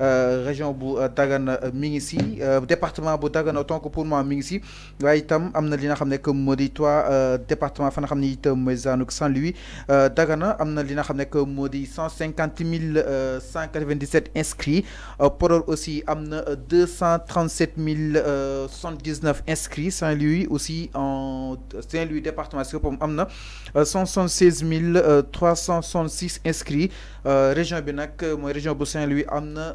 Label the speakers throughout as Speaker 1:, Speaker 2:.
Speaker 1: Euh, région bu euh, Dagana euh, mi département bu Dagana autant que pour moi mi ngi si amna itam am na li nga que modi département fa nga xam ne itam Saint-Louis Dagana amna na li nga xamné que modi inscrits pour aussi amna 237 119 inscrits Saint-Louis aussi en Saint-Louis département ce pour amna na cent inscrits région bi nak moy région bu Saint-Louis amna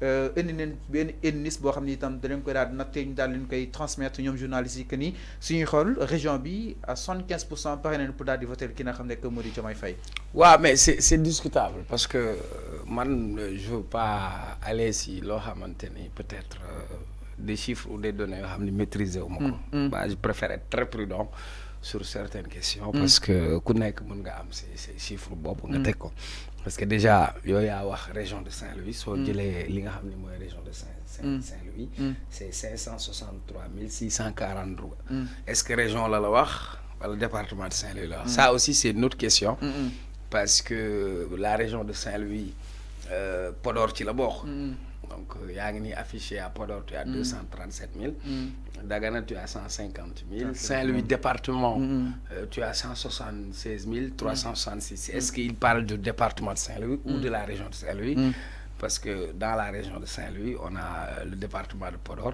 Speaker 1: Euh, indi neen benn indice boo xam ne itam koy daal nattee ñu daal leen koy transmettre ñom journalistes yi ni suñu xol région bi à 75% quinze pour cent daal di voter ki nga xamné que Diomaye Faye. wa mais c'est c'est discutable
Speaker 2: parce que euh, man je veux pas aller si lo xamanteni peut-être euh, des chiffres ou des données yo xamni maîtriser wu ma mm, mm. Bah, je préfère être très prudent. sur certaines questions mm. parce que ku nekk mën nga am ces chiffres bop nga tek ko parce que déjà y a la région de Saint-Louis. Mm. région de Saint. Mm. louis mm. c'est 563 640. est ce que région la la département de Saint-Louis ça aussi c'est une autre question. parce que la région de Saint-Louis euh, Podor ci la donc euh, Yagni affiché à Podor tu as 237 mm. 000. Mm. Dagana tu as 150 000. Saint-Louis mm. département mm-hmm. euh, tu as 176 366. est-ce qu'il parle du département de Saint-Louis ou de la région de Saint-Louis parce que dans la région de Saint-Louis, on a euh, le département de Podor,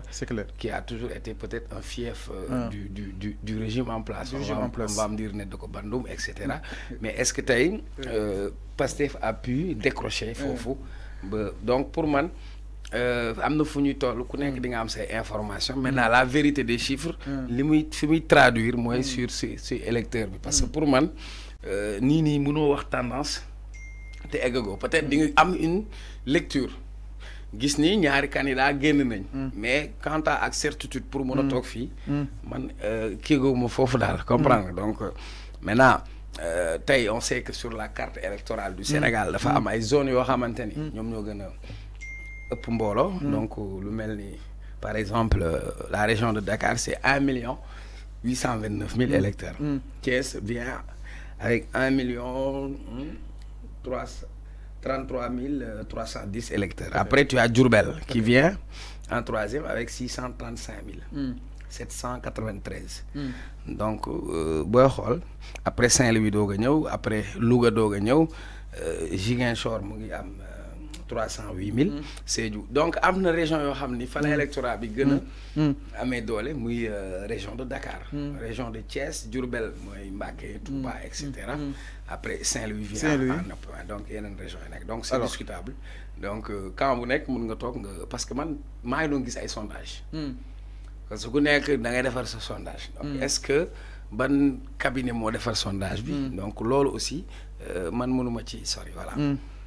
Speaker 2: qui a toujours été peut-être un fief ah. du, régime en place. on, va, Nedoko Bandoum, etc. Mais est-ce que Taïm, as Pastef a pu décrocher Fofo Donc pour moi, euh, am na fu ñuy toll ku informations. Mm. di nga information maintenant mm. la vérité des chiffres mm. li muy traduire mooy sur ces électeurs électeurs. bi parce que pour moi, euh, ni ni mënoo wax tendance te eggagoo peut-être di nga am une lecture gis ni ñaari candidat génn nañ mais quant à la certitude pour mën a toog fii man euh, kéegooma foofu daal comprendre donc maintenant tey on sait que sur la carte électorale du Sénégal dafa am ay zones qui xamante ni ñoom ñoo gën Mm. donc le par exemple euh, la région de Dakar c'est un million 829 mm. électeurs. Mm. Thiès vient avec un million 33 hmm, 310 euh, électeurs. Après, tu as Djourbel qui vient en troisième avec 635 793. Donc, euh, après Saint-Louis, après Louga, euh, Ziguinchor, euh, 308 000, c'est donc il y région yoo xam qui fa la mm. électorat bi gën a. Mm. Mm. Euh, région de Dakar. région de Thiès Djourbel, mooy Mbacké Touba etc. après Saint-Louis donc y région une donc c'est discutable donc quand vous êtes, mun nga toog parce que man maa pas doon ay sondage parce que vous nekk da ngay defar sondage. est-ce que ban cabinet fait defar sondage donc l'autre aussi euh, man mënuma ci sori voilà.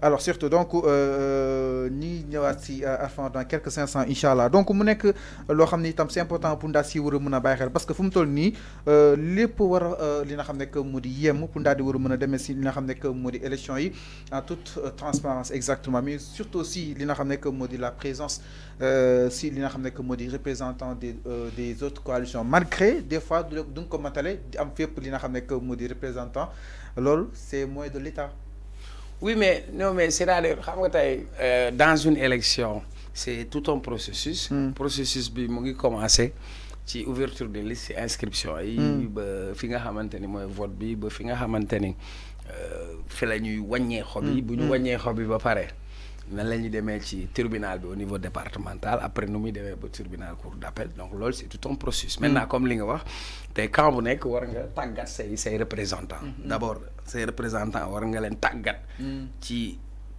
Speaker 1: alors surtout donc euh, euh, ni ñëwaat si euh, Arfan dans quelques 500 cents donc mu nekk lo xamni tam c'est important pour nda si war mëna mën xel parce que fu mu toll ni lépp war li nga xam que modi, di yem pour nda di war mëna démé ci si li nga xam que modi élection yi en toute transparence exactement mais surtout aussi li nga xam que modi la présence si li nga xam que modi représentant des des autres coalitions malgré des fois donc nga ko matale am fépp li nga xam que modi représentant lool c'est moins de l'État
Speaker 2: oui mais non mais cest là euh, dans une élection c'est tout un processus. Hmm. processus bi a commencé. ouverture de liste inscription hmm. fi nga vote bi ba fi nga euh, fi la nous avons ñuy tribunal au niveau départemental après nous avons des tribunaux tribunal cour d'appel donc c'est tout un processus. Mm. maintenant comme vous nga wax quand vous bu avez war nga représentants. Mm-hmm. d'abord ces représentants war nga leen mm.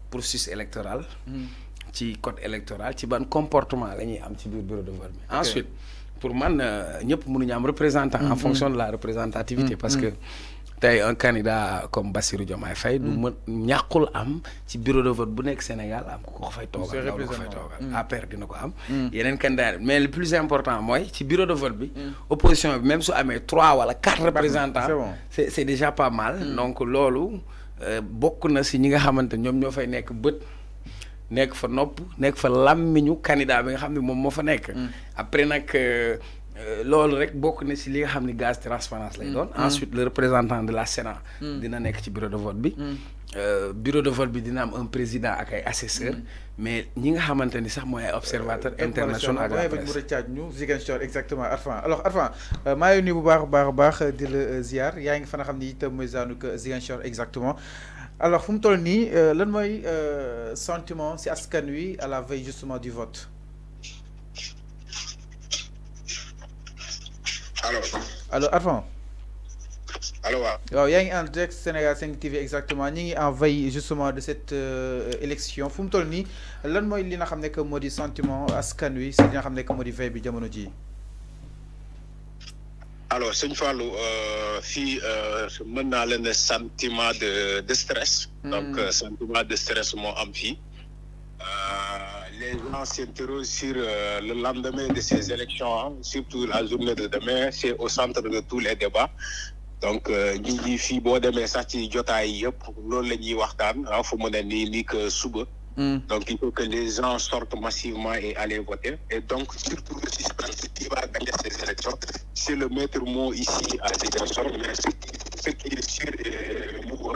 Speaker 2: processus électoral. Mm. ci code électoral ci ban comportement la am bureau de vote ensuite pour moi, nous avons représentants, représentant. en mm-hmm. fonction de la représentativité mm-hmm. parce que tay un candidat comme Bassirou Diomaye Faye du hmm. ñakul am ci bureau de vote bu nek Sénégal am ku ko fay togal loolu ko fay toogal hmm. APR dina ko am hmm. yenen candidat mais le plus important mooy ci bureau de vote bi opposition bi même su amé 3 wala 4 représentants c'est c'est déjà pas mal donc lolu euh, bokku na si ñi nga xamante ñom ñoo fay nekk bët nekk fa nopp nek fa lamiñu candidat bi nga xamni mom moom moo fa nekk après nag euh, euh, lool rek bokk gaz transparence mm. Mm. ensuite le représentant de la Sénat. Mm. dina bureau de vote bi. Euh, bureau de vote bi dina un président ak ay assesseurs.
Speaker 1: mais ñi nga sax euh, alors bu baax baax baax di la ziar yaa ngi fa exactement. alors toll lan sentiment si askan wi à la veille justement du vote. Alors, avant. alors il waaw a un texte en Sénégal TV exactement ni en justement de cette euh, élection Fumtoni, Tolni, lan il li que ce sentiment askan wi nga a que
Speaker 3: alors c'est une fois fille mena sentiment de de stress hmm. donc euh, sentiment de stress moi am les gens s'interrogent sur le lendemain de ces élections, surtout la journée de demain, c'est au centre de tous les débats. donc donc il faut que les gens sortent massivement et aller voter. et donc surtout le suspense qui va gagner ces élections c'est le maître mot ici à ces élections, mais ce qui est sûr et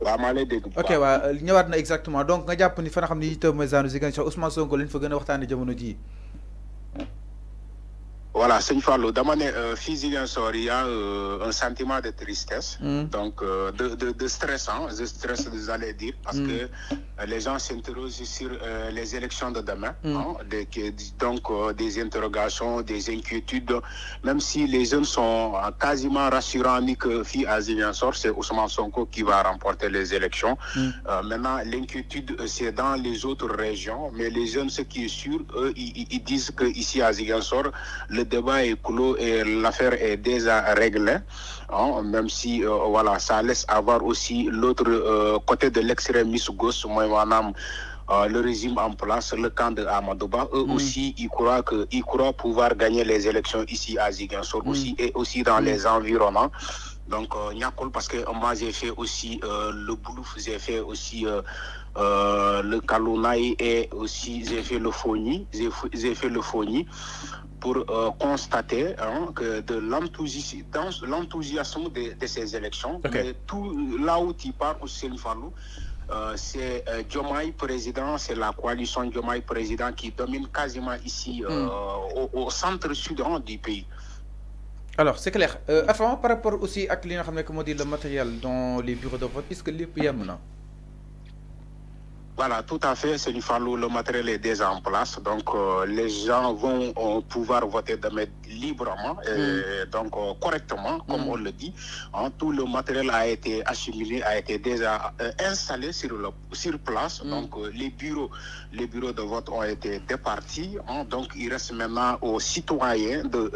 Speaker 1: ok exactement donc ni fa
Speaker 3: voilà, Seigne Farlo, dans mon il y a euh, un sentiment de tristesse, mm. donc euh, de, de, de, stress, hein, de stress, vous allez dire, parce mm. que euh, les gens s'interrogent sur les élections de demain, mm. hein, donc des interrogations, des inquiétudes, même si les jeunes sont quasiment rassurants, ni que fille à c'est Ousmane Sonko qui va remporter les élections. maintenant, l'inquiétude, c'est dans les autres régions, mais les jeunes, ce qui est sûr, eux, ils, ils disent ici, à Zigansor, le le débat est clos et l'affaire est déjà réglée. Hein, même si euh, voilà, ça laisse avoir aussi l'autre euh, côté de l'extrémisme gauche, moi, euh, le régime en place, le camp de Amadouba, eux mm. aussi, ils croient, que, croient pouvoir gagner les élections ici à Ziguinchor mm. aussi et aussi dans mm. les environnements donc euh, ñàkkul parce que euh, moi j'ai fait aussi euh, le boulouf j'ai fait aussi le kalounaï et aussi j'ai fait le phonie j'ai fait le pour constater hein, que de l'enthousiasme de, de, ces élections, tout là où tu parles, c'est euh, président, c'est la coalition Djomai président qui domine quasiment ici hmm. au centre-sud hein, du pays
Speaker 1: alors c'est clair euh, par rapport aussi à les nga xam dit, le matériel dans les bureaux de vote est ce que les a...
Speaker 3: Voilà, tout à fait, c'est Le matériel est déjà en place. Donc, euh, les gens vont euh, pouvoir voter de librement et mm. donc euh, correctement, comme mm. on le dit. Hein, tout le matériel a été assimilé, a été déjà installé sur, place. Mm. Donc, les, bureaux, les bureaux de vote ont été départis. Hein, donc, il reste maintenant aux citoyens de,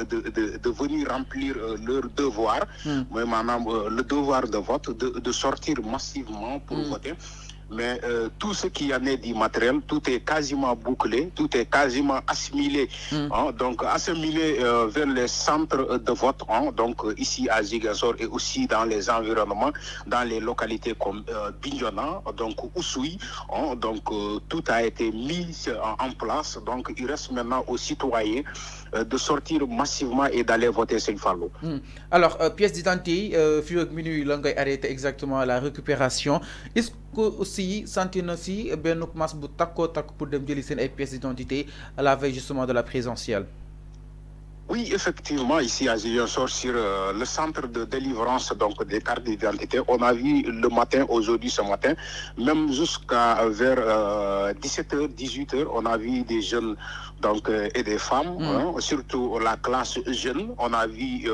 Speaker 3: venir remplir leur devoir, mais maintenant, le devoir de vote, de, de sortir massivement pour voter mais euh, tout ce qui en est du matériel, tout est quasiment bouclé, tout est quasiment assimilé. Hmm. Hein. donc assimilé euh, vers les centres de vote, hein. donc euh, ici à Zigazor et aussi dans les environnements, dans les localités comme euh, Bignona, donc Oussoui. Hein. donc tout a été mis en, place. Donc il reste maintenant aux citoyens de sortir massivement et d'aller voter Seigne
Speaker 1: hmm. Alors, pièce d'identité, euh, Minu Minu, arrête exactement la récupération. Est-ce ko aussi senti na si benn masse bu pour dem jeli sen ay pièces d'identité à la veille justement de la présentielle oui, effectivement,
Speaker 3: ici à sur euh, le centre de délivrance donc des cartes d'identité, on a vu le matin, aujourd'hui, ce matin, même jusqu'à euh, vers 17h, euh, 18h, on a vu des jeunes donc et des femmes, mm. hein, surtout la classe jeune. On a vu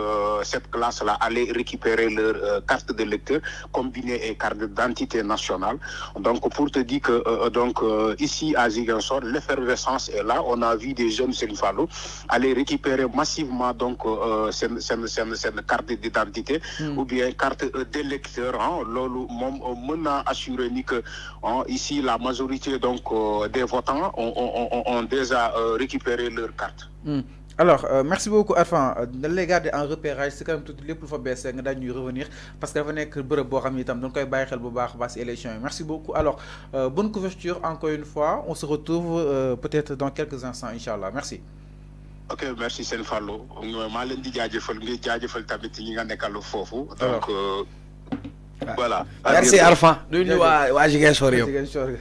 Speaker 3: cette classe-là aller récupérer leur carte de lecteur combinée et carte d'identité nationale. Donc pour te dire que donc ici à Sort, l'effervescence est là. On a vu des jeunes Senfalo aller récupérer massivement donc euh, seen carte d'identité hmm. ou bien carte d'électeur ah hein. nous moom euh, ni que hein, ici la majorité donc euh, des votants ont déjà récupéré leur carte.
Speaker 1: Hmm. alors merci beaucoup Enfin, les les en repérage c'est quand même tout le plus bees baisser, nous revenir parce qu'il y que le boo xam Donc donc va y bàyyi xel élection merci beaucoup alors bonne couverture encore une fois on se retrouve peut-être dans quelques instants Inch'Allah. merci.
Speaker 3: ok merci seen Fallou maa leen di jaajëfal ngi jaajëfal tamit ñi nga nekkalu foofu. Ah. donc euh, voilà.
Speaker 2: merci Arfan. du ñu waa waa Ziguinchor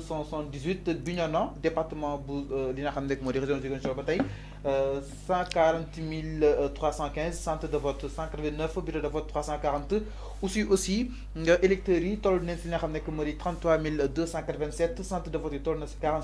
Speaker 1: 278 Bignona département bu euh, li région du Ziguinchor 140 315 euh, centre de vote 189 bureau de vote 340 aussi aussi euh, électeurs 33 287 centre de vote 40